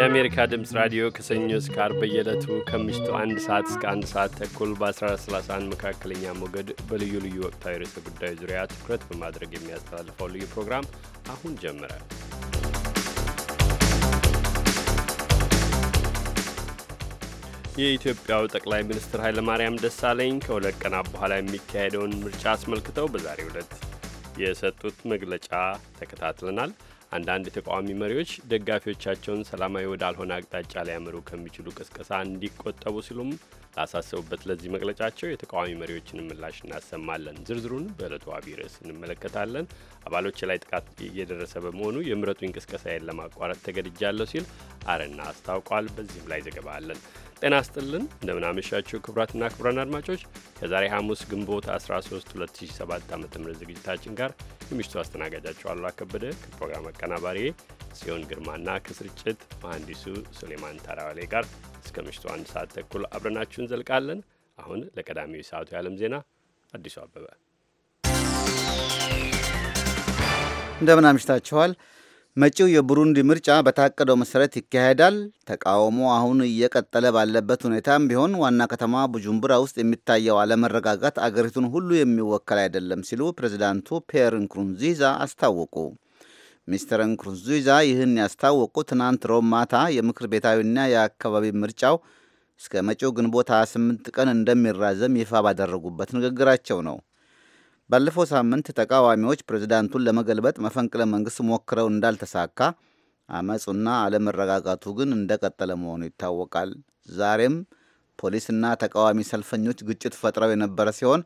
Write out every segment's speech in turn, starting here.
የአሜሪካ ድምፅ ራዲዮ ከሰኞ እስከ አርብ በየዕለቱ ከምሽቱ አንድ ሰዓት እስከ አንድ ሰዓት ተኩል በ1431 መካከለኛ ሞገድ በልዩ ልዩ ወቅታዊ ርዕሰ ጉዳዮች ዙሪያ ትኩረት በማድረግ የሚያስተላልፈው ልዩ ፕሮግራም አሁን ጀመረ። የኢትዮጵያው ጠቅላይ ሚኒስትር ኃይለማርያም ደሳለኝ ከሁለት ቀናት በኋላ የሚካሄደውን ምርጫ አስመልክተው በዛሬው ዕለት የሰጡት መግለጫ ተከታትለናል። አንዳንድ ተቃዋሚ መሪዎች ደጋፊዎቻቸውን ሰላማዊ ወዳልሆነ አቅጣጫ ሊያመሩ ከሚችሉ ቅስቀሳ እንዲቆጠቡ ሲሉም ላሳሰቡበት ለዚህ መግለጫቸው የተቃዋሚ መሪዎችን ምላሽ እናሰማለን። ዝርዝሩን በዕለቱ አብይ ርዕስ እንመለከታለን። አባሎች ላይ ጥቃት እየደረሰ በመሆኑ የምረጡኝ ቅስቀሳዬን ለማቋረጥ ተገድጃለሁ ሲል አረና አስታውቋል። በዚህም ላይ ዘገባ አለን። ጤና ስጥልን እንደምናመሻችው ክቡራትና ክቡራን አድማጮች ከዛሬ ሐሙስ ግንቦት 13 2007 ዓ ም ዝግጅታችን ጋር የምሽቱ አስተናጋጃቸው አሉ አከበደ ከፕሮግራም አቀናባሪ ጽዮን ግርማና ከስርጭት መሐንዲሱ ሱሌማን ታራዋሌ ጋር እስከ ምሽቱ አንድ ሰዓት ተኩል አብረናችሁ እንዘልቃለን። አሁን ለቀዳሚው ሰዓቱ የዓለም ዜና አዲሱ አበበ እንደምን አምሽታችኋል። መጪው የቡሩንዲ ምርጫ በታቀደው መሰረት ይካሄዳል። ተቃውሞ አሁን እየቀጠለ ባለበት ሁኔታም ቢሆን ዋና ከተማ ቡጁምቡራ ውስጥ የሚታየው አለመረጋጋት አገሪቱን ሁሉ የሚወከል አይደለም ሲሉ ፕሬዚዳንቱ ፒየር እንክሩንዚዛ አስታወቁ። ሚስተር እንክሩንዚዛ ይህን ያስታወቁ ትናንት ሮብ ማታ የምክር ቤታዊና የአካባቢ ምርጫው እስከ መጪው ግንቦት 28 ቀን እንደሚራዘም ይፋ ባደረጉበት ንግግራቸው ነው። ባለፈው ሳምንት ተቃዋሚዎች ፕሬዝዳንቱን ለመገልበጥ መፈንቅለ መንግስት ሞክረው እንዳልተሳካ፣ አመፁና አለመረጋጋቱ ግን እንደቀጠለ መሆኑ ይታወቃል። ዛሬም ፖሊስና ተቃዋሚ ሰልፈኞች ግጭት ፈጥረው የነበረ ሲሆን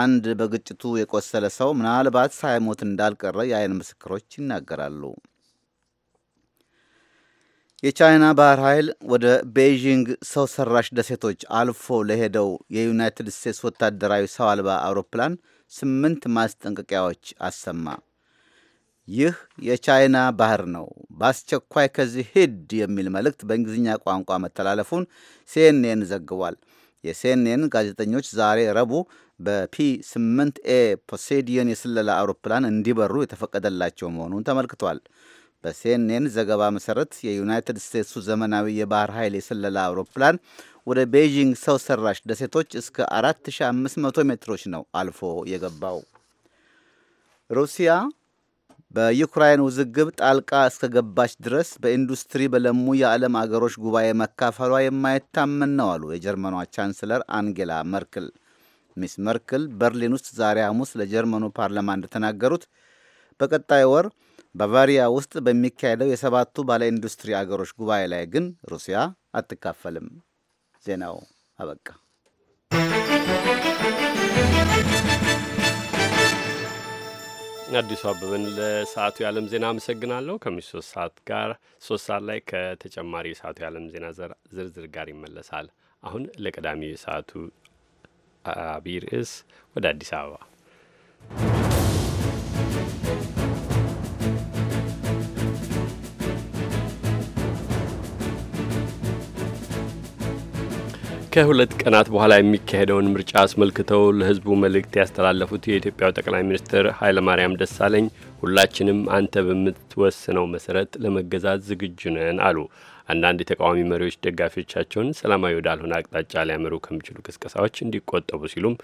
አንድ በግጭቱ የቆሰለ ሰው ምናልባት ሳይሞት እንዳልቀረ የአይን ምስክሮች ይናገራሉ። የቻይና ባህር ኃይል ወደ ቤይዥንግ ሰው ሰራሽ ደሴቶች አልፎ ለሄደው የዩናይትድ ስቴትስ ወታደራዊ ሰው አልባ አውሮፕላን ስምንት ማስጠንቀቂያዎች አሰማ። ይህ የቻይና ባህር ነው፣ በአስቸኳይ ከዚህ ሂድ የሚል መልእክት በእንግሊዝኛ ቋንቋ መተላለፉን ሲኤንኤን ዘግቧል። የሲኤንኤን ጋዜጠኞች ዛሬ ረቡዕ በፒ 8 ኤ ፖሴዲየን የስለላ አውሮፕላን እንዲበሩ የተፈቀደላቸው መሆኑን ተመልክቷል። በሲኤንኤን ዘገባ መሰረት የዩናይትድ ስቴትሱ ዘመናዊ የባህር ኃይል የስለላ አውሮፕላን ወደ ቤይዥንግ ሰው ሰራሽ ደሴቶች እስከ 4500 ሜትሮች ነው አልፎ የገባው። ሩሲያ በዩክራይን ውዝግብ ጣልቃ እስከ ገባች ድረስ በኢንዱስትሪ በለሙ የዓለም አገሮች ጉባኤ መካፈሏ የማይታመን ነው አሉ የጀርመኗ ቻንስለር አንጌላ መርክል። ሚስ መርክል በርሊን ውስጥ ዛሬ ሐሙስ ለጀርመኑ ፓርላማ እንደተናገሩት በቀጣይ ወር ባቫሪያ ውስጥ በሚካሄደው የሰባቱ ባለ ኢንዱስትሪ አገሮች ጉባኤ ላይ ግን ሩሲያ አትካፈልም። ዜናው አበቃ። አዲሱ አበበን ለሰዓቱ የዓለም ዜና አመሰግናለሁ። ከምሽቱ ሶስት ሰዓት ጋር ሶስት ሰዓት ላይ ከተጨማሪ የሰዓቱ የዓለም ዜና ዝርዝር ጋር ይመለሳል። አሁን ለቀዳሚው የሰዓቱ አቢይ ርዕስ ወደ አዲስ አበባ ከሁለት ቀናት በኋላ የሚካሄደውን ምርጫ አስመልክተው ለሕዝቡ መልእክት ያስተላለፉት የኢትዮጵያው ጠቅላይ ሚኒስትር ኃይለማርያም ደሳለኝ ሁላችንም አንተ በምትወስነው መሰረት ለመገዛት ዝግጁ ነን አሉ። አንዳንድ የተቃዋሚ መሪዎች ደጋፊዎቻቸውን ሰላማዊ ወዳልሆነ አቅጣጫ ሊያመሩ ከሚችሉ ቅስቀሳዎች እንዲቆጠቡ ሲሉም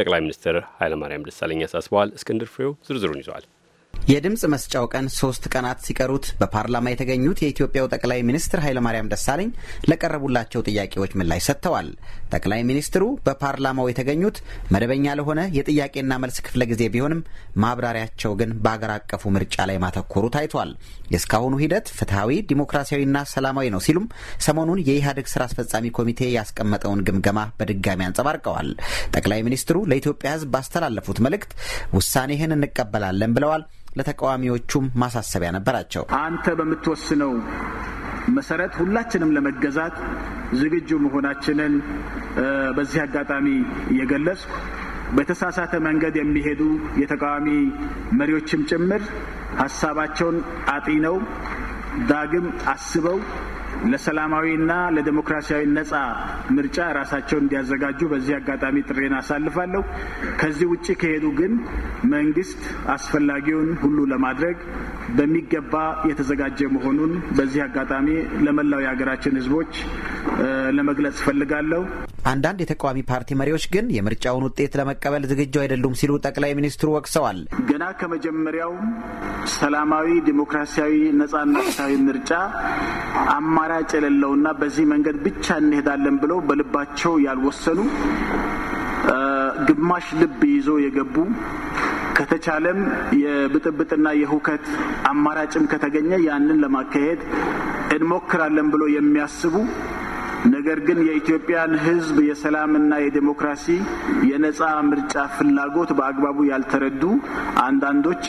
ጠቅላይ ሚኒስትር ማርያም ደሳለኝ አሳስበዋል። እስክንድር ፍሬው ዝርዝሩን ይዘዋል። የድምፅ መስጫው ቀን ሶስት ቀናት ሲቀሩት በፓርላማ የተገኙት የኢትዮጵያው ጠቅላይ ሚኒስትር ኃይለማርያም ደሳለኝ ለቀረቡላቸው ጥያቄዎች ምላሽ ሰጥተዋል። ጠቅላይ ሚኒስትሩ በፓርላማው የተገኙት መደበኛ ለሆነ የጥያቄና መልስ ክፍለ ጊዜ ቢሆንም ማብራሪያቸው ግን በአገር አቀፉ ምርጫ ላይ ማተኮሩ ታይቷል። የእስካሁኑ ሂደት ፍትሐዊ፣ ዲሞክራሲያዊና ሰላማዊ ነው ሲሉም ሰሞኑን የኢህአዴግ ስራ አስፈጻሚ ኮሚቴ ያስቀመጠውን ግምገማ በድጋሚ አንጸባርቀዋል። ጠቅላይ ሚኒስትሩ ለኢትዮጵያ ሕዝብ ባስተላለፉት መልእክት ውሳኔህን እንቀበላለን ብለዋል። ለተቃዋሚዎቹም ማሳሰቢያ ነበራቸው። አንተ በምትወስነው መሰረት ሁላችንም ለመገዛት ዝግጁ መሆናችንን በዚህ አጋጣሚ እየገለጽኩ በተሳሳተ መንገድ የሚሄዱ የተቃዋሚ መሪዎችም ጭምር ሀሳባቸውን አጢነው ዳግም አስበው ለሰላማዊና ለዲሞክራሲያዊ ነጻ ምርጫ ራሳቸውን እንዲያዘጋጁ በዚህ አጋጣሚ ጥሬን አሳልፋለሁ። ከዚህ ውጭ ከሄዱ ግን መንግስት አስፈላጊውን ሁሉ ለማድረግ በሚገባ የተዘጋጀ መሆኑን በዚህ አጋጣሚ ለመላው የሀገራችን ህዝቦች ለመግለጽ እፈልጋለሁ። አንዳንድ የተቃዋሚ ፓርቲ መሪዎች ግን የምርጫውን ውጤት ለመቀበል ዝግጁ አይደሉም ሲሉ ጠቅላይ ሚኒስትሩ ወቅሰዋል። ገና ከመጀመሪያው ሰላማዊ፣ ዲሞክራሲያዊ፣ ነጻና ፍትሃዊ ምርጫ አማ አማራጭ የሌለውና በዚህ መንገድ ብቻ እንሄዳለን ብለው በልባቸው ያልወሰኑ ግማሽ ልብ ይዞ የገቡ ከተቻለም የብጥብጥና የሁከት አማራጭም ከተገኘ ያንን ለማካሄድ እንሞክራለን ብሎ የሚያስቡ ነገር ግን የኢትዮጵያን ሕዝብ የሰላምና የዴሞክራሲ የነጻ ምርጫ ፍላጎት በአግባቡ ያልተረዱ አንዳንዶች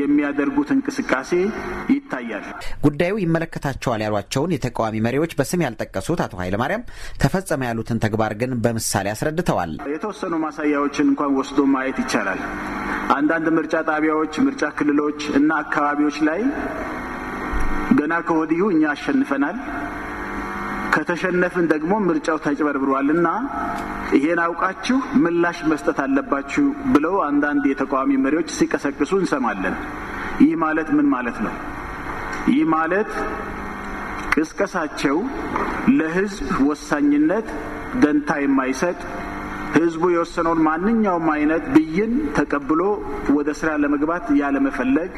የሚያደርጉት እንቅስቃሴ ይታያል። ጉዳዩ ይመለከታቸዋል ያሏቸውን የተቃዋሚ መሪዎች በስም ያልጠቀሱት አቶ ኃይለማርያም ተፈጸመ ያሉትን ተግባር ግን በምሳሌ አስረድተዋል። የተወሰኑ ማሳያዎችን እንኳን ወስዶ ማየት ይቻላል። አንዳንድ ምርጫ ጣቢያዎች፣ ምርጫ ክልሎች እና አካባቢዎች ላይ ገና ከወዲሁ እኛ አሸንፈናል ከተሸነፍን ደግሞ ምርጫው ተጭበርብሯልና ይሄን አውቃችሁ ምላሽ መስጠት አለባችሁ ብለው አንዳንድ የተቃዋሚ መሪዎች ሲቀሰቅሱ እንሰማለን። ይህ ማለት ምን ማለት ነው? ይህ ማለት ቅስቀሳቸው ለሕዝብ ወሳኝነት ደንታ የማይሰጥ ህዝቡ የወሰነውን ማንኛውም አይነት ብይን ተቀብሎ ወደ ስራ ለመግባት ያለመፈለግ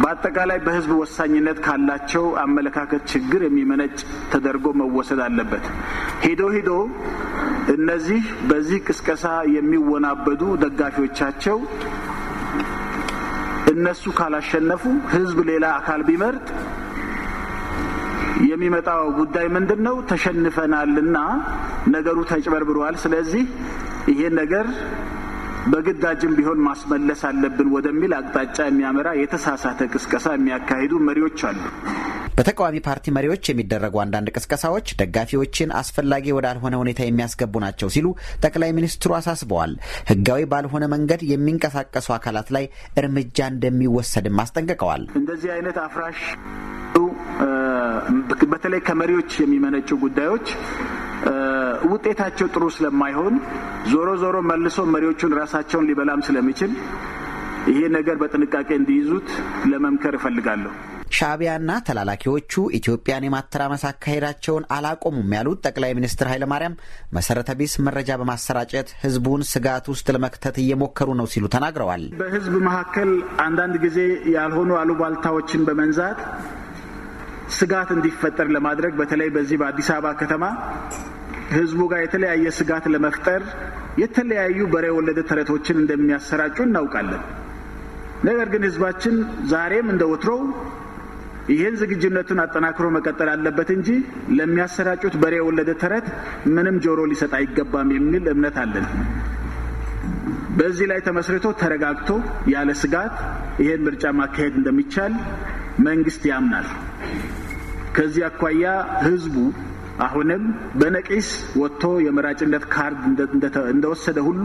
በአጠቃላይ በህዝብ ወሳኝነት ካላቸው አመለካከት ችግር የሚመነጭ ተደርጎ መወሰድ አለበት። ሂዶ ሂዶ እነዚህ በዚህ ቅስቀሳ የሚወናበዱ ደጋፊዎቻቸው እነሱ ካላሸነፉ ህዝብ ሌላ አካል ቢመርጥ የሚመጣው ጉዳይ ምንድን ነው? ተሸንፈናልና ነገሩ ተጭበርብሯል። ስለዚህ ይሄን ነገር በግዳጅም ቢሆን ማስመለስ አለብን ወደሚል አቅጣጫ የሚያመራ የተሳሳተ ቅስቀሳ የሚያካሂዱ መሪዎች አሉ። በተቃዋሚ ፓርቲ መሪዎች የሚደረጉ አንዳንድ ቅስቀሳዎች ደጋፊዎችን አስፈላጊ ወዳልሆነ ሁኔታ የሚያስገቡ ናቸው ሲሉ ጠቅላይ ሚኒስትሩ አሳስበዋል። ሕጋዊ ባልሆነ መንገድ የሚንቀሳቀሱ አካላት ላይ እርምጃ እንደሚወሰድም አስጠንቅቀዋል። እንደዚህ አይነት አፍራሽ በተለይ ከመሪዎች የሚመነጩ ጉዳዮች ውጤታቸው ጥሩ ስለማይሆን ዞሮ ዞሮ መልሶ መሪዎቹን ራሳቸውን ሊበላም ስለሚችል ይሄ ነገር በጥንቃቄ እንዲይዙት ለመምከር እፈልጋለሁ። ና ተላላኪዎቹ ኢትዮጵያን የማተራመስ አካሄዳቸውን አላቆሙም ያሉት ጠቅላይ ሚኒስትር ኃይለማርያም መሰረተ ቢስ መረጃ በማሰራጨት ህዝቡን ስጋት ውስጥ ለመክተት እየሞከሩ ነው ሲሉ ተናግረዋል። በህዝብ መካከል አንዳንድ ጊዜ ያልሆኑ አሉባልታዎችን በመንዛት ስጋት እንዲፈጠር ለማድረግ በተለይ በዚህ በአዲስ አበባ ከተማ ህዝቡ ጋር የተለያየ ስጋት ለመፍጠር የተለያዩ በሬ ወለደ ተረቶችን እንደሚያሰራጩ እናውቃለን። ነገር ግን ህዝባችን ዛሬም እንደ ወትሮው ይህን ዝግጁነቱን አጠናክሮ መቀጠል አለበት እንጂ ለሚያሰራጩት በሬ ወለደ ተረት ምንም ጆሮ ሊሰጥ አይገባም የሚል እምነት አለን። በዚህ ላይ ተመስርቶ ተረጋግቶ ያለ ስጋት ይህን ምርጫ ማካሄድ እንደሚቻል መንግስት ያምናል። ከዚህ አኳያ ህዝቡ አሁንም በነቂስ ወጥቶ የመራጭነት ካርድ እንደወሰደ ሁሉ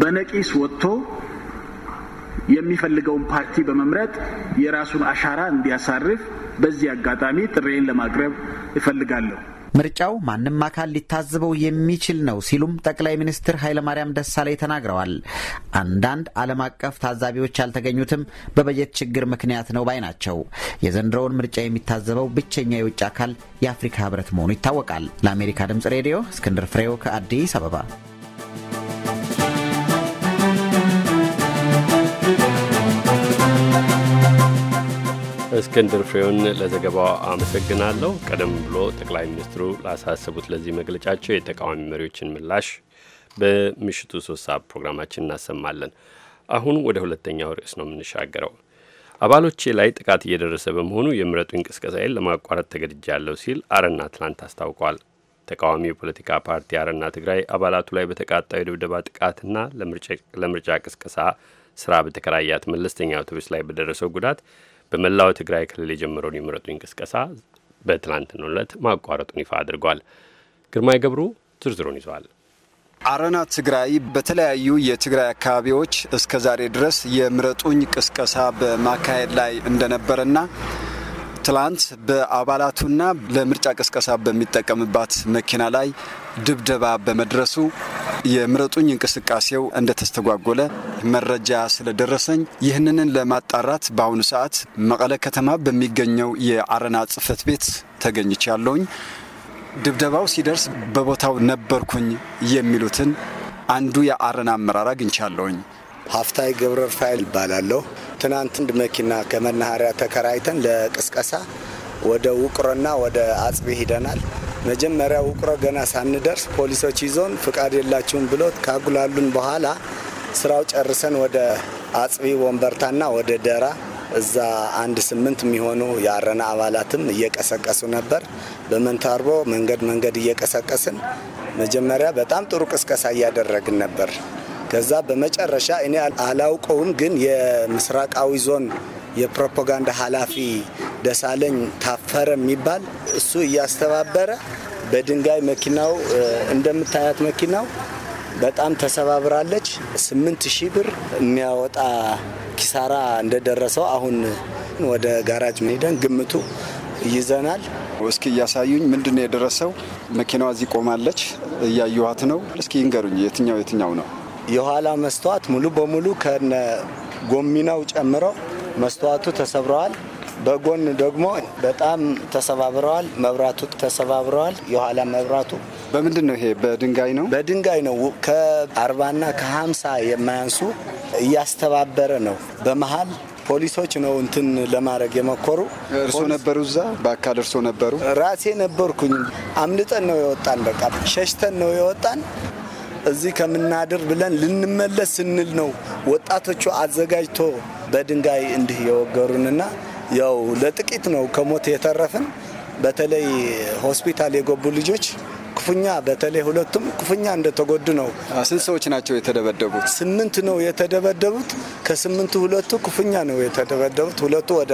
በነቂስ ወጥቶ የሚፈልገውን ፓርቲ በመምረጥ የራሱን አሻራ እንዲያሳርፍ በዚህ አጋጣሚ ጥሬን ለማቅረብ እፈልጋለሁ። ምርጫው ማንም አካል ሊታዘበው የሚችል ነው ሲሉም ጠቅላይ ሚኒስትር ኃይለማርያም ደሳለኝ ተናግረዋል። አንዳንድ ዓለም አቀፍ ታዛቢዎች ያልተገኙትም በበጀት ችግር ምክንያት ነው ባይ ናቸው። የዘንድሮውን ምርጫ የሚታዘበው ብቸኛ የውጭ አካል የአፍሪካ ህብረት መሆኑ ይታወቃል። ለአሜሪካ ድምጽ ሬዲዮ እስክንድር ፍሬው ከአዲስ አበባ እስክንድር ፍሬውን ለዘገባው አመሰግናለሁ። ቀደም ብሎ ጠቅላይ ሚኒስትሩ ላሳሰቡት ለዚህ መግለጫቸው የተቃዋሚ መሪዎችን ምላሽ በምሽቱ ሶስት ሰዓት ፕሮግራማችን እናሰማለን። አሁን ወደ ሁለተኛው ርዕስ ነው የምንሻገረው። አባሎቼ ላይ ጥቃት እየደረሰ በመሆኑ የምረጡ እንቅስቃሴን ለማቋረጥ ተገድጃለሁ ሲል አረና ትላንት አስታውቋል። ተቃዋሚ የፖለቲካ ፓርቲ አረና ትግራይ አባላቱ ላይ በተቃጣዩ ድብደባ ጥቃትና ለምርጫ ቅስቀሳ ስራ በተከራያት መለስተኛ አውቶቡስ ላይ በደረሰው ጉዳት በመላው ትግራይ ክልል የጀመረውን የምረጡኝ ቅስቀሳ በትላንትናው ዕለት ማቋረጡን ይፋ አድርጓል። ግርማይ ገብሩ ዝርዝሩን ይዟል። አረና ትግራይ በተለያዩ የትግራይ አካባቢዎች እስከ ዛሬ ድረስ የምረጡኝ ቅስቀሳ በማካሄድ ላይ እንደነበረና ትላንት በአባላቱና ለምርጫ ቅስቀሳ በሚጠቀምባት መኪና ላይ ድብደባ በመድረሱ የምረጡኝ እንቅስቃሴው እንደተስተጓጎለ መረጃ ስለደረሰኝ ይህንንን ለማጣራት በአሁኑ ሰዓት መቀለ ከተማ በሚገኘው የአረና ጽህፈት ቤት ተገኝቻለሁኝ። ድብደባው ሲደርስ በቦታው ነበርኩኝ የሚሉትን አንዱ የአረና አመራር አግኝቻለሁኝ። ሀፍታይ ገብረ ፋይል ይባላለሁ። ትናንት አንድ መኪና ከመናኸሪያ ተከራይተን ለቅስቀሳ ወደ ውቅሮና ወደ አጽቢ ሂደናል። መጀመሪያ ውቅሮ ገና ሳንደርስ ፖሊሶች ይዞን ፍቃድ የላችሁም ብሎ ካጉላሉን በኋላ ስራው ጨርሰን ወደ አጽቢ ወንበርታና ወደ ደራ እዛ አንድ ስምንት የሚሆኑ የአረና አባላትም እየቀሰቀሱ ነበር። በመንታርቦ መንገድ መንገድ እየቀሰቀስን መጀመሪያ በጣም ጥሩ ቅስቀሳ እያደረግን ነበር። ከዛ በመጨረሻ እኔ አላውቀውም፣ ግን የምስራቃዊ ዞን የፕሮፓጋንዳ ኃላፊ ደሳለኝ ታፈረ የሚባል እሱ እያስተባበረ በድንጋይ መኪናው እንደምታያት መኪናው በጣም ተሰባብራለች። ስምንት ሺህ ብር የሚያወጣ ኪሳራ እንደደረሰው አሁን ወደ ጋራጅ መሄደን ግምቱ ይዘናል። እስኪ እያሳዩኝ ምንድን ነው የደረሰው? መኪናዋ እዚህ ቆማለች፣ እያየኋት ነው። እስኪ ይንገሩኝ የትኛው የትኛው ነው? የኋላ መስተዋት ሙሉ በሙሉ ከነ ጎሚናው ጨምሮ መስተዋቱ ተሰብረዋል። በጎን ደግሞ በጣም ተሰባብረዋል። መብራቱ ተሰባብረዋል። የኋላ መብራቱ በምንድን ነው? ይሄ በድንጋይ ነው፣ በድንጋይ ነው። ከአርባና ከሀምሳ የማያንሱ እያስተባበረ ነው። በመሀል ፖሊሶች ነው እንትን ለማድረግ የመኮሩ እርሶ ነበሩ እዛ? በአካል እርሶ ነበሩ? ራሴ ነበርኩኝ። አምልጠን ነው የወጣን። በቃ ሸሽተን ነው የወጣን። እዚህ ከምናድር ብለን ልንመለስ ስንል ነው ወጣቶቹ አዘጋጅቶ በድንጋይ እንዲህ የወገሩንና ያው ለጥቂት ነው ከሞት የተረፍን። በተለይ ሆስፒታል የገቡ ልጆች ክፉኛ በተለይ ሁለቱም ክፉኛ እንደተጎዱ ነው። ስንት ሰዎች ናቸው የተደበደቡት? ስምንት ነው የተደበደቡት። ከስምንቱ ሁለቱ ክፉኛ ነው የተደበደቡት። ሁለቱ ወደ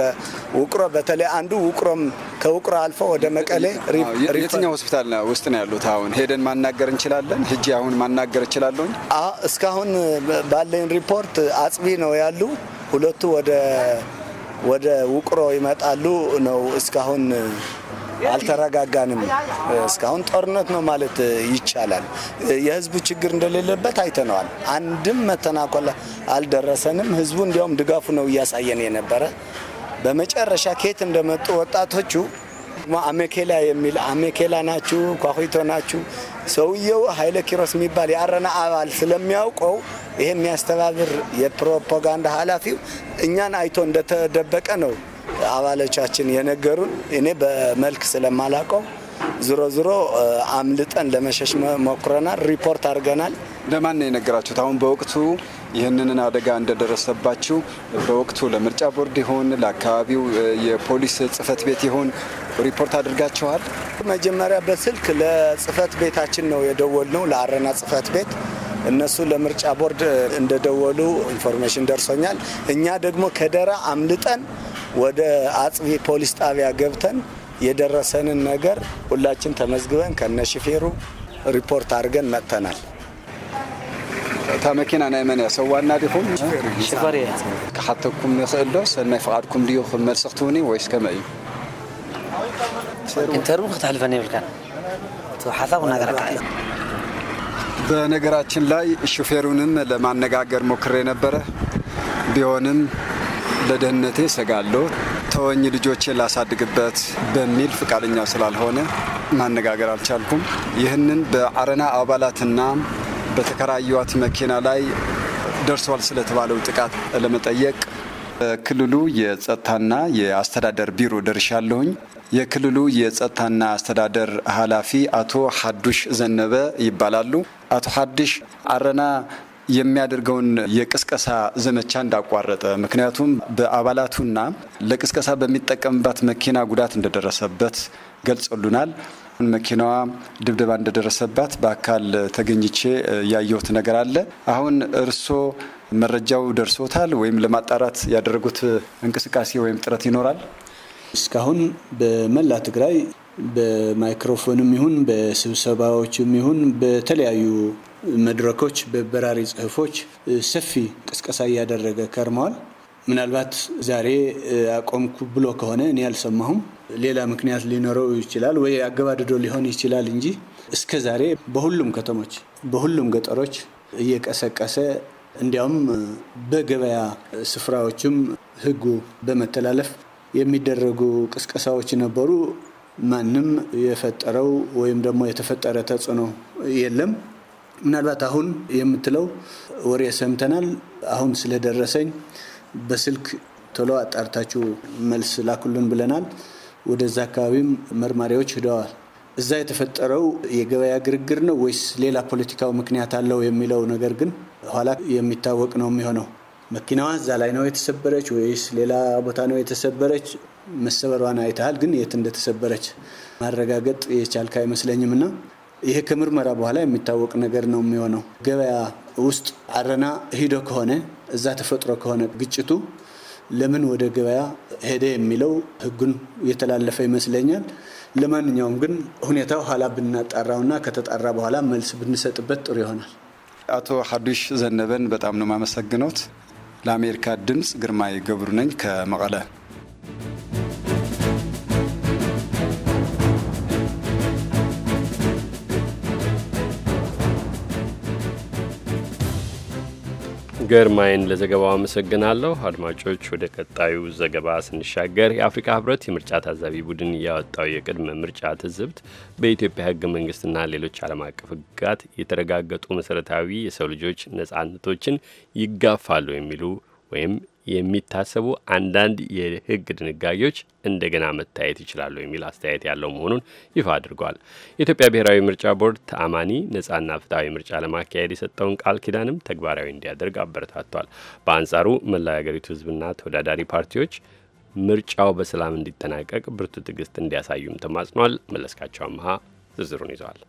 ውቅሮ በተለይ አንዱ ውቅሮም ከውቅሮ አልፎ ወደ መቀሌ። የትኛው ሆስፒታል ውስጥ ነው ያሉት? አሁን ሄደን ማናገር እንችላለን? ሂጂ አሁን ማናገር እችላለሁ? እስካሁን ባለኝ ሪፖርት አጽቢ ነው ያሉ ሁለቱ ወደ ውቅሮ ይመጣሉ ነው እስካሁን አልተረጋጋንም። እስካሁን ጦርነት ነው ማለት ይቻላል። የህዝቡ ችግር እንደሌለበት አይተነዋል። አንድም መተናኮል አልደረሰንም። ህዝቡ እንዲያውም ድጋፉ ነው እያሳየን የነበረ። በመጨረሻ ከየት እንደመጡ ወጣቶቹ አሜኬላ የሚል አሜኬላ ናችሁ፣ ኳኩቶ ናችሁ። ሰውየው ሀይለ ኪሮስ የሚባል የአረና አባል ስለሚያውቀው ይሄ የሚያስተባብር የፕሮፓጋንዳ ኃላፊው እኛን አይቶ እንደተደበቀ ነው አባሎቻችን የነገሩን እኔ በመልክ ስለማላቀው ዝሮ ዝሮ አምልጠን ለመሸሽ ሞክረናል። ሪፖርት አድርገናል። ለማን ነው የነገራችሁት? አሁን በወቅቱ ይህንን አደጋ እንደደረሰባችሁ በወቅቱ ለምርጫ ቦርድ ይሆን ለአካባቢው የፖሊስ ጽህፈት ቤት ይሆን ሪፖርት አድርጋችኋል? መጀመሪያ በስልክ ለጽህፈት ቤታችን ነው የደወልነው፣ ለአረና ጽህፈት ቤት እነሱ ለምርጫ ቦርድ እንደደወሉ ኢንፎርሜሽን ደርሶኛል። እኛ ደግሞ ከደራ አምልጠን ወደ አጽቢ ፖሊስ ጣቢያ ገብተን የደረሰንን ነገር ሁላችን ተመዝግበን ከነ ሽፌሩ ሪፖርት አድርገን መጥተናል። እታ መኪና ናይ መን እያ ሰዋና ዲኹም ሽፈር እያ ክሓተኩም ንኽእል ዶ ሰናይ ፍቓድኩም ድዩ ክመልስኽ ትውኒ ወይስ ከመይ እዩ ኢንተርቪ ክትሕልፈኒ ይብልካን ሓሳቡ ነገረካ በነገራችን ላይ ሹፌሩንም ለማነጋገር ሞክሬ ነበረ ቢሆንም ለደህንነቴ ሰጋለሁ፣ ተወኝ፣ ልጆቼ ላሳድግበት በሚል ፍቃደኛ ስላልሆነ ማነጋገር አልቻልኩም። ይህንን በአረና አባላትና በተከራዩዋት መኪና ላይ ደርሷል ስለተባለው ጥቃት ለመጠየቅ ክልሉ የጸጥታና የአስተዳደር ቢሮ ደርሻለሁኝ። የክልሉ የጸጥታና አስተዳደር ኃላፊ አቶ ሀዱሽ ዘነበ ይባላሉ። አቶ ሀዱሽ አረና የሚያደርገውን የቅስቀሳ ዘመቻ እንዳቋረጠ፣ ምክንያቱም በአባላቱና ለቅስቀሳ በሚጠቀምባት መኪና ጉዳት እንደደረሰበት ገልጸሉናል። መኪናዋ ድብደባ እንደደረሰባት በአካል ተገኝቼ ያየሁት ነገር አለ። አሁን እርሶ መረጃው ደርሶታል ወይም ለማጣራት ያደረጉት እንቅስቃሴ ወይም ጥረት ይኖራል? እስካሁን በመላ ትግራይ በማይክሮፎንም ይሁን በስብሰባዎችም ይሁን በተለያዩ መድረኮች በበራሪ ጽሁፎች ሰፊ ቅስቀሳ እያደረገ ከርመዋል። ምናልባት ዛሬ አቆምኩ ብሎ ከሆነ እኔ አልሰማሁም። ሌላ ምክንያት ሊኖረው ይችላል ወይ አገባድዶ ሊሆን ይችላል እንጂ እስከ ዛሬ በሁሉም ከተሞች፣ በሁሉም ገጠሮች እየቀሰቀሰ እንዲያውም በገበያ ስፍራዎችም ህጉ በመተላለፍ የሚደረጉ ቅስቀሳዎች ነበሩ። ማንም የፈጠረው ወይም ደግሞ የተፈጠረ ተጽዕኖ የለም። ምናልባት አሁን የምትለው ወሬ ሰምተናል። አሁን ስለደረሰኝ በስልክ ቶሎ አጣርታችሁ መልስ ላኩልን ብለናል። ወደዛ አካባቢም መርማሪዎች ሂደዋል። እዛ የተፈጠረው የገበያ ግርግር ነው ወይስ ሌላ ፖለቲካው ምክንያት አለው የሚለው ነገር ግን ኋላ የሚታወቅ ነው የሚሆነው። መኪናዋ እዛ ላይ ነው የተሰበረች ወይስ ሌላ ቦታ ነው የተሰበረች? መሰበሯን አይተሃል፣ ግን የት እንደተሰበረች ማረጋገጥ የቻልክ አይመስለኝም እና ይሄ ከምርመራ በኋላ የሚታወቅ ነገር ነው የሚሆነው። ገበያ ውስጥ አረና ሂዶ ከሆነ እዛ ተፈጥሮ ከሆነ ግጭቱ ለምን ወደ ገበያ ሄደ የሚለው ህጉን የተላለፈ ይመስለኛል። ለማንኛውም ግን ሁኔታው ኋላ ብናጣራውና ከተጣራ በኋላ መልስ ብንሰጥበት ጥሩ ይሆናል። አቶ ሀዱሽ ዘነበን በጣም ነው የማመሰግነው። ለአሜሪካ ድምፅ ግርማይ ገብሩ ነኝ ከመቀለ። ግርማይን ለዘገባው አመሰግናለሁ። አድማጮች፣ ወደ ቀጣዩ ዘገባ ስንሻገር የአፍሪካ ህብረት የምርጫ ታዛቢ ቡድን ያወጣው የቅድመ ምርጫ ትዝብት በኢትዮጵያ ህገ መንግስትና ሌሎች ዓለም አቀፍ ህግጋት የተረጋገጡ መሰረታዊ የሰው ልጆች ነጻነቶችን ይጋፋሉ የሚሉ ወይም የሚታሰቡ አንዳንድ የሕግ ድንጋጌዎች እንደገና መታየት ይችላሉ የሚል አስተያየት ያለው መሆኑን ይፋ አድርጓል። የኢትዮጵያ ብሔራዊ ምርጫ ቦርድ ተአማኒ ነጻና ፍትሐዊ ምርጫ ለማካሄድ የሰጠውን ቃል ኪዳንም ተግባራዊ እንዲያደርግ አበረታቷል። በአንጻሩ መላ የአገሪቱ ሕዝብና ተወዳዳሪ ፓርቲዎች ምርጫው በሰላም እንዲጠናቀቅ ብርቱ ትዕግስት እንዲያሳዩም ተማጽኗል። መለስካቸው አምሃ ዝርዝሩን ይዘዋል።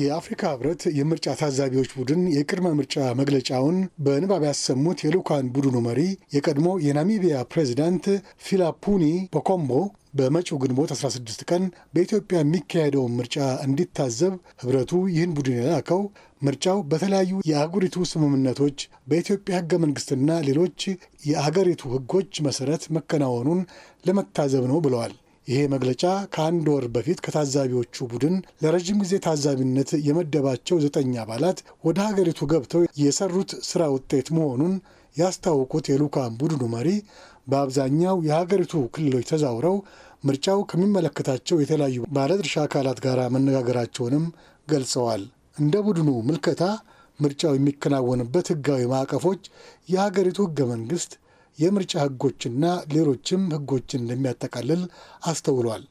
የአፍሪካ ህብረት የምርጫ ታዛቢዎች ቡድን የቅድመ ምርጫ መግለጫውን በንባብ ያሰሙት የልዑካን ቡድኑ መሪ የቀድሞ የናሚቢያ ፕሬዚዳንት ፊላፑኒ ፖኮምቦ በመጪው ግንቦት 16 ቀን በኢትዮጵያ የሚካሄደውን ምርጫ እንዲታዘብ ህብረቱ ይህን ቡድን የላከው ምርጫው በተለያዩ የአህጉሪቱ ስምምነቶች በኢትዮጵያ ህገ መንግስትና ሌሎች የአገሪቱ ህጎች መሰረት መከናወኑን ለመታዘብ ነው ብለዋል። ይሄ መግለጫ ከአንድ ወር በፊት ከታዛቢዎቹ ቡድን ለረዥም ጊዜ ታዛቢነት የመደባቸው ዘጠኝ አባላት ወደ ሀገሪቱ ገብተው የሰሩት ስራ ውጤት መሆኑን ያስታወቁት የልዑካን ቡድኑ መሪ በአብዛኛው የሀገሪቱ ክልሎች ተዛውረው ምርጫው ከሚመለከታቸው የተለያዩ ባለድርሻ አካላት ጋር መነጋገራቸውንም ገልጸዋል። እንደ ቡድኑ ምልከታ ምርጫው የሚከናወንበት ህጋዊ ማዕቀፎች የሀገሪቱ ህገ መንግስት ። የምርጫ ህጎችና ሌሎችም ህጎችን እንደሚያጠቃልል አስተውሏል።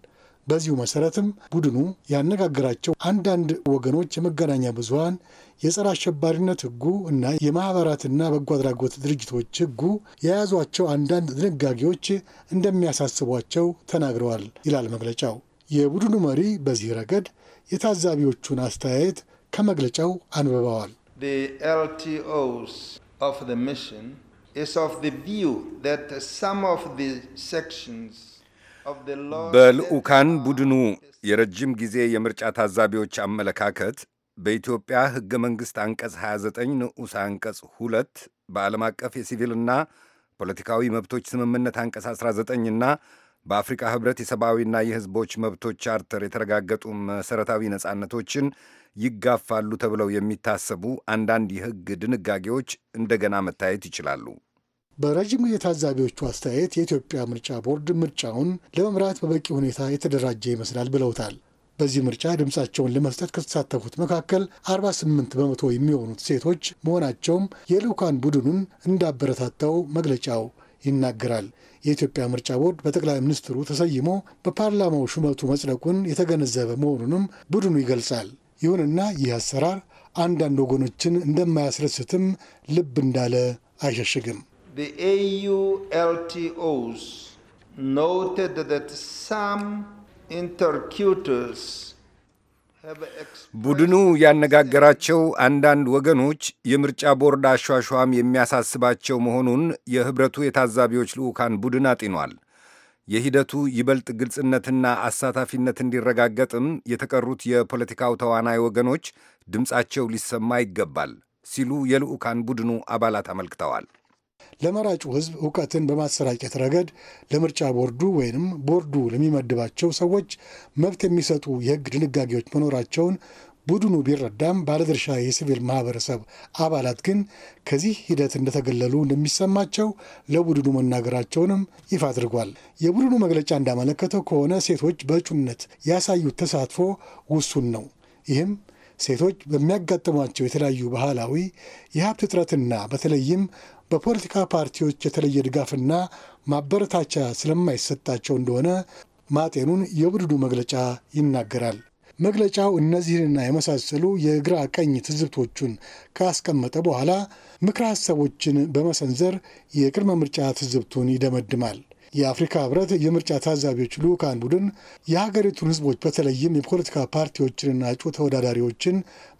በዚሁ መሰረትም ቡድኑ ያነጋገራቸው አንዳንድ ወገኖች የመገናኛ ብዙሀን የጸረ አሸባሪነት ህጉ እና የማኅበራትና በጎ አድራጎት ድርጅቶች ህጉ የያዟቸው አንዳንድ ድንጋጌዎች እንደሚያሳስቧቸው ተናግረዋል ይላል መግለጫው። የቡድኑ መሪ በዚህ ረገድ የታዛቢዎቹን አስተያየት ከመግለጫው አንብበዋል። በልዑካን ቡድኑ የረጅም ጊዜ የምርጫ ታዛቢዎች አመለካከት በኢትዮጵያ ሕገ መንግሥት አንቀጽ 29 ንዑስ አንቀጽ 2 በዓለም አቀፍ የሲቪልና ፖለቲካዊ መብቶች ስምምነት አንቀጽ 19 እና በአፍሪካ ህብረት የሰብአዊና የህዝቦች መብቶች ቻርተር የተረጋገጡ መሠረታዊ ነጻነቶችን ይጋፋሉ ተብለው የሚታሰቡ አንዳንድ የሕግ ድንጋጌዎች እንደገና መታየት ይችላሉ። በረዥሙ የታዛቢዎቹ አስተያየት የኢትዮጵያ ምርጫ ቦርድ ምርጫውን ለመምራት በበቂ ሁኔታ የተደራጀ ይመስላል ብለውታል። በዚህ ምርጫ ድምፃቸውን ለመስጠት ከተሳተፉት መካከል 48 በመቶ የሚሆኑት ሴቶች መሆናቸውም የልዑካን ቡድኑን እንዳበረታታው መግለጫው ይናገራል። የኢትዮጵያ ምርጫ ቦርድ በጠቅላይ ሚኒስትሩ ተሰይሞ በፓርላማው ሹመቱ መጽደቁን የተገነዘበ መሆኑንም ቡድኑ ይገልጻል። ይሁንና ይህ አሰራር አንዳንድ ወገኖችን እንደማያስደስትም ልብ እንዳለ አይሸሽግም። the LTOs noted that some interlocutors ቡድኑ ያነጋገራቸው አንዳንድ ወገኖች የምርጫ ቦርድ አሿሿም የሚያሳስባቸው መሆኑን የኅብረቱ የታዛቢዎች ልዑካን ቡድን አጢኗል። የሂደቱ ይበልጥ ግልጽነትና አሳታፊነት እንዲረጋገጥም የተቀሩት የፖለቲካው ተዋናይ ወገኖች ድምፃቸው ሊሰማ ይገባል ሲሉ የልዑካን ቡድኑ አባላት አመልክተዋል። ለመራጩ ህዝብ እውቀትን በማሰራጨት ረገድ ለምርጫ ቦርዱ ወይም ቦርዱ ለሚመድባቸው ሰዎች መብት የሚሰጡ የህግ ድንጋጌዎች መኖራቸውን ቡድኑ ቢረዳም ባለድርሻ የሲቪል ማህበረሰብ አባላት ግን ከዚህ ሂደት እንደተገለሉ እንደሚሰማቸው ለቡድኑ መናገራቸውንም ይፋ አድርጓል። የቡድኑ መግለጫ እንዳመለከተው ከሆነ ሴቶች በእጩነት ያሳዩት ተሳትፎ ውሱን ነው። ይህም ሴቶች በሚያጋጥሟቸው የተለያዩ ባህላዊ የሀብት እጥረትና በተለይም በፖለቲካ ፓርቲዎች የተለየ ድጋፍና ማበረታቻ ስለማይሰጣቸው እንደሆነ ማጤኑን የቡድኑ መግለጫ ይናገራል። መግለጫው እነዚህንና የመሳሰሉ የግራ ቀኝ ትዝብቶቹን ካስቀመጠ በኋላ ምክረ ሀሳቦችን በመሰንዘር የቅድመ ምርጫ ትዝብቱን ይደመድማል። የአፍሪካ ህብረት የምርጫ ታዛቢዎች ልዑካን ቡድን የሀገሪቱን ህዝቦች በተለይም የፖለቲካ ፓርቲዎችንና እጩ ተወዳዳሪዎችን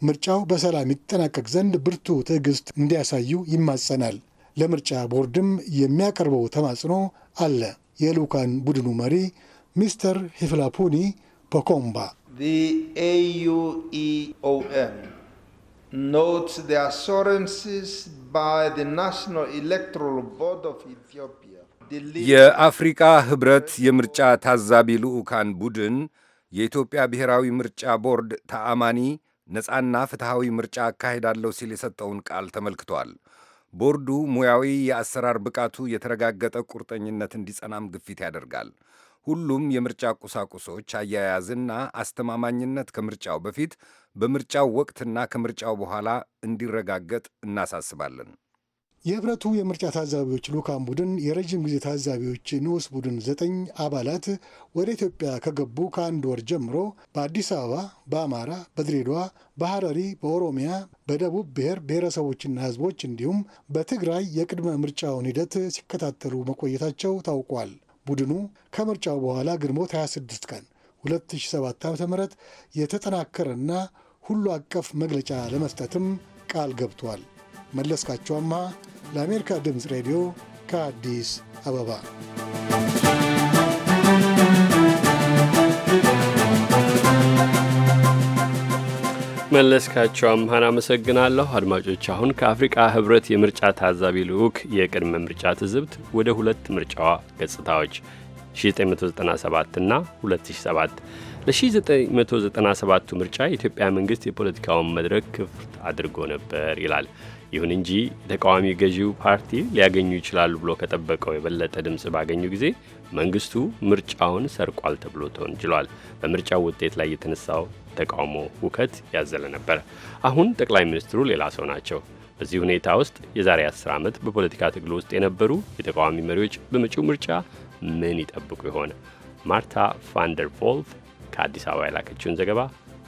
ምርጫው በሰላም ይጠናቀቅ ዘንድ ብርቱ ትዕግስት እንዲያሳዩ ይማጸናል። ለምርጫ ቦርድም የሚያቀርበው ተማጽኖ አለ። የልዑካን ቡድኑ መሪ ሚስተር ሂፍላፑኒ ፖኮምባ e የአፍሪቃ ህብረት የምርጫ ታዛቢ ልዑካን ቡድን የኢትዮጵያ ብሔራዊ ምርጫ ቦርድ ተአማኒ ነፃና ፍትሐዊ ምርጫ አካሄዳለሁ ሲል የሰጠውን ቃል ተመልክቷል። ቦርዱ ሙያዊ የአሰራር ብቃቱ የተረጋገጠ ቁርጠኝነት እንዲጸናም ግፊት ያደርጋል። ሁሉም የምርጫ ቁሳቁሶች አያያዝና አስተማማኝነት ከምርጫው በፊት፣ በምርጫው ወቅትና ከምርጫው በኋላ እንዲረጋገጥ እናሳስባለን። የህብረቱ የምርጫ ታዛቢዎች ልዑካን ቡድን የረዥም ጊዜ ታዛቢዎች ንዑስ ቡድን ዘጠኝ አባላት ወደ ኢትዮጵያ ከገቡ ከአንድ ወር ጀምሮ በአዲስ አበባ፣ በአማራ፣ በድሬዳዋ፣ በሐረሪ፣ በኦሮሚያ፣ በደቡብ ብሔር ብሔረሰቦችና ህዝቦች እንዲሁም በትግራይ የቅድመ ምርጫውን ሂደት ሲከታተሉ መቆየታቸው ታውቋል። ቡድኑ ከምርጫው በኋላ ግንቦት 26 ቀን 2007 ዓ.ም የተጠናከረና ሁሉ አቀፍ መግለጫ ለመስጠትም ቃል ገብቷል። መለስካቸው ለአሜሪካ ድምፅ ሬዲዮ ከአዲስ አበባ። መለስካቸው አምሃን አመሰግናለሁ። አድማጮች አሁን ከአፍሪቃ ህብረት የምርጫ ታዛቢ ልዑክ የቅድመ ምርጫ ትዝብት ወደ ሁለት ምርጫዋ ገጽታዎች 1997 እና 2007 ለ1997ቱ ምርጫ የኢትዮጵያ መንግስት የፖለቲካውን መድረክ ክፍት አድርጎ ነበር ይላል። ይሁን እንጂ ተቃዋሚ ገዢው ፓርቲ ሊያገኙ ይችላሉ ብሎ ከጠበቀው የበለጠ ድምፅ ባገኙ ጊዜ መንግስቱ ምርጫውን ሰርቋል ተብሎ ተወንጅሏል። በምርጫው ውጤት ላይ የተነሳው ተቃውሞ ሁከት ያዘለ ነበር። አሁን ጠቅላይ ሚኒስትሩ ሌላ ሰው ናቸው። በዚህ ሁኔታ ውስጥ የዛሬ አስር ዓመት በፖለቲካ ትግል ውስጥ የነበሩ የተቃዋሚ መሪዎች በመጪው ምርጫ ምን ይጠብቁ ይሆን? ማርታ ቫንደር ቮልፍ ከአዲስ አበባ የላከችውን ዘገባ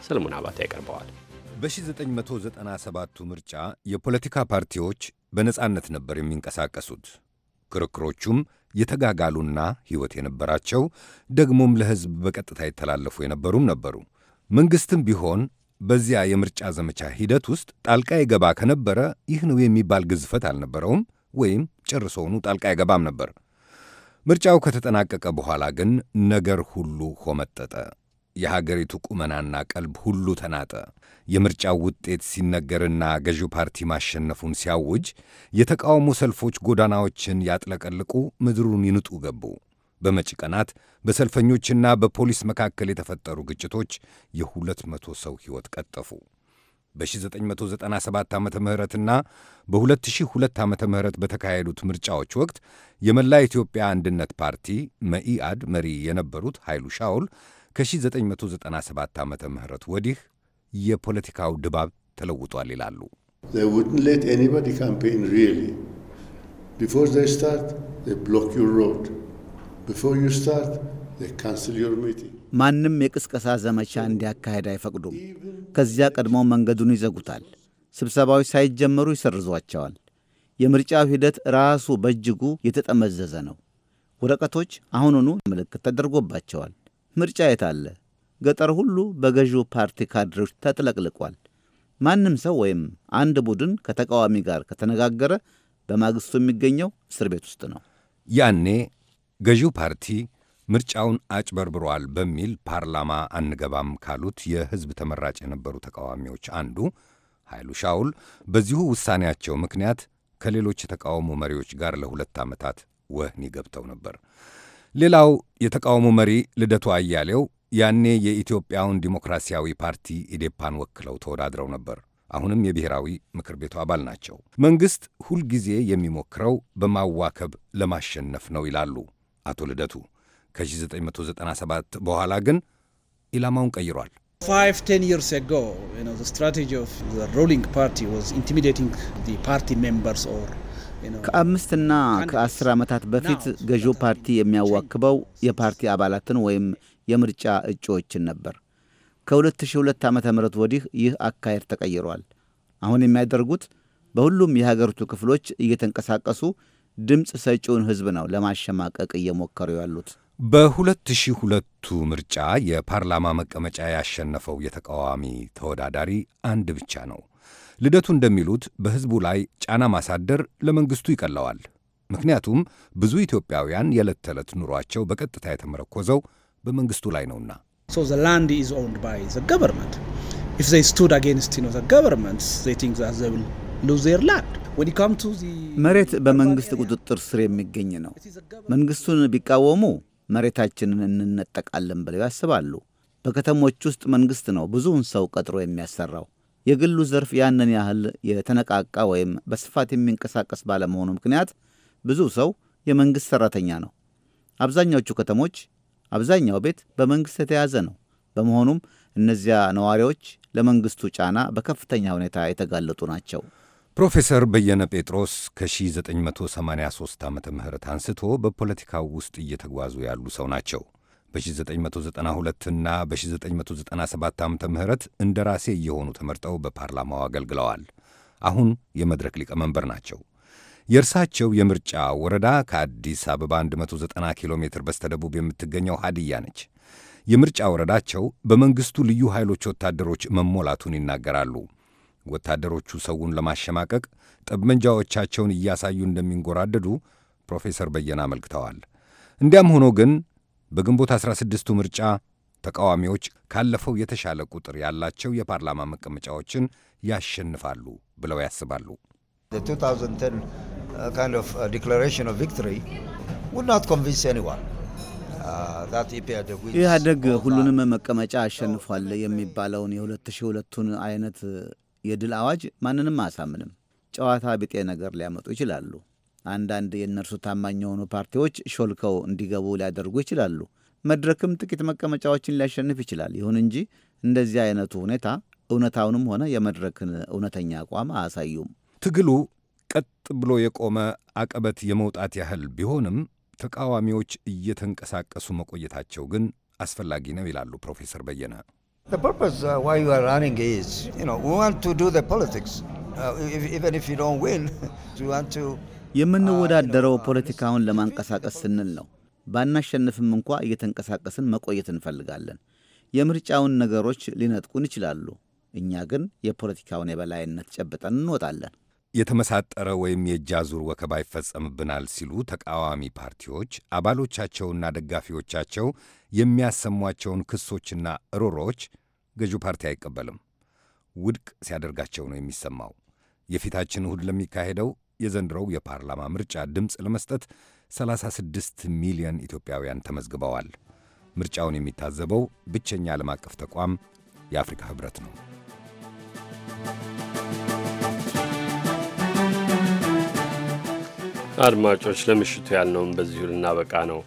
ሰለሞን አባተ ያቀርበዋል። በ1997ቱ ምርጫ የፖለቲካ ፓርቲዎች በነጻነት ነበር የሚንቀሳቀሱት። ክርክሮቹም የተጋጋሉና ሕይወት የነበራቸው ደግሞም ለሕዝብ በቀጥታ የተላለፉ የነበሩም ነበሩ። መንግሥትም ቢሆን በዚያ የምርጫ ዘመቻ ሂደት ውስጥ ጣልቃ ይገባ ከነበረ ይህ ነው የሚባል ግዝፈት አልነበረውም፣ ወይም ጨርሶውኑ ጣልቃ አይገባም ነበር። ምርጫው ከተጠናቀቀ በኋላ ግን ነገር ሁሉ ሆመጠጠ። የሀገሪቱ ቁመናና ቀልብ ሁሉ ተናጠ። የምርጫው ውጤት ሲነገርና ገዢው ፓርቲ ማሸነፉን ሲያውጅ የተቃውሞ ሰልፎች ጎዳናዎችን ያጥለቀልቁ፣ ምድሩን ይንጡ ገቡ። በመጪ ቀናት በሰልፈኞችና በፖሊስ መካከል የተፈጠሩ ግጭቶች የሁለት መቶ ሰው ሕይወት ቀጠፉ። በ1997 ዓ ምና በ2002 ዓ ምህረት በተካሄዱት ምርጫዎች ወቅት የመላ ኢትዮጵያ አንድነት ፓርቲ መኢአድ መሪ የነበሩት ኃይሉ ሻውል ከ1997 ዓ ም ወዲህ የፖለቲካው ድባብ ተለውጧል ይላሉ። ማንም የቅስቀሳ ዘመቻ እንዲያካሄድ አይፈቅዱም። ከዚያ ቀድሞ መንገዱን ይዘጉታል። ስብሰባዎች ሳይጀመሩ ይሰርዟቸዋል። የምርጫው ሂደት ራሱ በእጅጉ የተጠመዘዘ ነው። ወረቀቶች አሁኑኑ ምልክት ተደርጎባቸዋል። ምርጫ የት አለ? ገጠር ሁሉ በገዢው ፓርቲ ካድሬዎች ተጥለቅልቋል። ማንም ሰው ወይም አንድ ቡድን ከተቃዋሚ ጋር ከተነጋገረ በማግስቱ የሚገኘው እስር ቤት ውስጥ ነው። ያኔ ገዢው ፓርቲ ምርጫውን አጭበርብሯል በሚል ፓርላማ አንገባም ካሉት የሕዝብ ተመራጭ የነበሩ ተቃዋሚዎች አንዱ ኃይሉ ሻውል በዚሁ ውሳኔያቸው ምክንያት ከሌሎች የተቃውሞ መሪዎች ጋር ለሁለት ዓመታት ወህኒ ገብተው ነበር። ሌላው የተቃውሞ መሪ ልደቱ አያሌው ያኔ የኢትዮጵያውን ዲሞክራሲያዊ ፓርቲ ኢዴፓን ወክለው ተወዳድረው ነበር። አሁንም የብሔራዊ ምክር ቤቱ አባል ናቸው። መንግሥት ሁልጊዜ የሚሞክረው በማዋከብ ለማሸነፍ ነው ይላሉ አቶ ልደቱ። ከ1997 በኋላ ግን ኢላማውን ቀይሯል። ፓርቲ ከአምስትና ከአስር ዓመታት በፊት ገዢው ፓርቲ የሚያዋክበው የፓርቲ አባላትን ወይም የምርጫ እጩዎችን ነበር። ከ2002 ዓ ም ወዲህ ይህ አካሄድ ተቀይሯል። አሁን የሚያደርጉት በሁሉም የሀገሪቱ ክፍሎች እየተንቀሳቀሱ ድምፅ ሰጪውን ሕዝብ ነው ለማሸማቀቅ እየሞከሩ ያሉት። በ2002ቱ ምርጫ የፓርላማ መቀመጫ ያሸነፈው የተቃዋሚ ተወዳዳሪ አንድ ብቻ ነው። ልደቱ እንደሚሉት በሕዝቡ ላይ ጫና ማሳደር ለመንግሥቱ ይቀለዋል። ምክንያቱም ብዙ ኢትዮጵያውያን የዕለት ተዕለት ኑሯቸው በቀጥታ የተመረኮዘው በመንግሥቱ ላይ ነውና። መሬት በመንግሥት ቁጥጥር ስር የሚገኝ ነው። መንግሥቱን ቢቃወሙ መሬታችንን እንነጠቃለን ብለው ያስባሉ። በከተሞች ውስጥ መንግሥት ነው ብዙውን ሰው ቀጥሮ የሚያሰራው። የግሉ ዘርፍ ያንን ያህል የተነቃቃ ወይም በስፋት የሚንቀሳቀስ ባለመሆኑ ምክንያት ብዙ ሰው የመንግሥት ሠራተኛ ነው። አብዛኛዎቹ ከተሞች አብዛኛው ቤት በመንግሥት የተያዘ ነው። በመሆኑም እነዚያ ነዋሪዎች ለመንግሥቱ ጫና በከፍተኛ ሁኔታ የተጋለጡ ናቸው። ፕሮፌሰር በየነ ጴጥሮስ ከ1983 ዓመተ ምህረት አንስቶ በፖለቲካው ውስጥ እየተጓዙ ያሉ ሰው ናቸው። በ 1992 እና በ1997 ም እንደ ራሴ እየሆኑ ተመርጠው በፓርላማው አገልግለዋል። አሁን የመድረክ ሊቀመንበር ናቸው። የእርሳቸው የምርጫ ወረዳ ከአዲስ አበባ 190 ኪሎ ሜትር በስተደቡብ የምትገኘው ሀዲያ ነች። የምርጫ ወረዳቸው በመንግሥቱ ልዩ ኃይሎች ወታደሮች መሞላቱን ይናገራሉ። ወታደሮቹ ሰውን ለማሸማቀቅ ጠመንጃዎቻቸውን እያሳዩ እንደሚንጎራደዱ ፕሮፌሰር በየነ አመልክተዋል። እንዲያም ሆኖ ግን በግንቦት 16ቱ ምርጫ ተቃዋሚዎች ካለፈው የተሻለ ቁጥር ያላቸው የፓርላማ መቀመጫዎችን ያሸንፋሉ ብለው ያስባሉ። uh, uh, uh, ኢህአደግ ሁሉንም መቀመጫ አሸንፏል የሚባለውን የ2002ቱን አይነት የድል አዋጅ ማንንም አያሳምንም። ጨዋታ ቢጤ ነገር ሊያመጡ ይችላሉ። አንዳንድ የእነርሱ ታማኝ የሆኑ ፓርቲዎች ሾልከው እንዲገቡ ሊያደርጉ ይችላሉ። መድረክም ጥቂት መቀመጫዎችን ሊያሸንፍ ይችላል። ይሁን እንጂ እንደዚህ አይነቱ ሁኔታ እውነታውንም ሆነ የመድረክን እውነተኛ አቋም አያሳዩም። ትግሉ ቀጥ ብሎ የቆመ አቀበት የመውጣት ያህል ቢሆንም ተቃዋሚዎች እየተንቀሳቀሱ መቆየታቸው ግን አስፈላጊ ነው ይላሉ ፕሮፌሰር በየነ። የምንወዳደረው ፖለቲካውን ለማንቀሳቀስ ስንል ነው። ባናሸንፍም እንኳ እየተንቀሳቀስን መቆየት እንፈልጋለን። የምርጫውን ነገሮች ሊነጥቁን ይችላሉ። እኛ ግን የፖለቲካውን የበላይነት ጨብጠን እንወጣለን። የተመሳጠረ ወይም የእጃዙር ወከባ ይፈጸምብናል ሲሉ ተቃዋሚ ፓርቲዎች አባሎቻቸውና ደጋፊዎቻቸው የሚያሰሟቸውን ክሶችና ሮሮዎች ገዢው ፓርቲ አይቀበልም፣ ውድቅ ሲያደርጋቸው ነው የሚሰማው። የፊታችን እሁድ ለሚካሄደው የዘንድሮው የፓርላማ ምርጫ ድምፅ ለመስጠት 36 ሚሊዮን ኢትዮጵያውያን ተመዝግበዋል። ምርጫውን የሚታዘበው ብቸኛ ዓለም አቀፍ ተቋም የአፍሪካ ኅብረት ነው። አድማጮች፣ ለምሽቱ ያልነውም በዚሁ ልናበቃ ነው።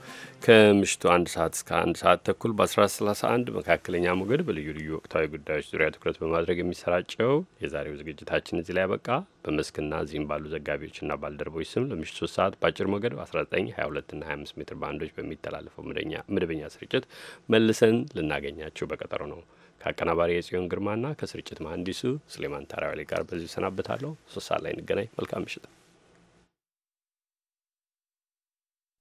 ከምሽቱ አንድ ሰዓት እስከ አንድ ሰዓት ተኩል በ1131 መካከለኛ ሞገድ በልዩ ልዩ ወቅታዊ ጉዳዮች ዙሪያ ትኩረት በማድረግ የሚሰራጨው የዛሬው ዝግጅታችን እዚህ ላይ ያበቃ። በመስክና እዚህም ባሉ ዘጋቢዎችና ባልደረቦች ስም ለምሽቱ ሶስት ሰዓት በአጭር ሞገድ በ19፣ 22ና 25 ሜትር ባንዶች በሚተላለፈው መደበኛ ስርጭት መልሰን ልናገኛቸው በቀጠሮ ነው። ከአቀናባሪ የጽዮን ግርማና ከስርጭት መሐንዲሱ ስሌማን ታራዋሌ ጋር በዚሁ ሰናበታለሁ። ሶስት ሰዓት ላይ እንገናኝ። መልካም ምሽት።